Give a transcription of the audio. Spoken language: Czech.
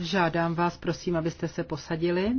Žádám vás, prosím, abyste se posadili.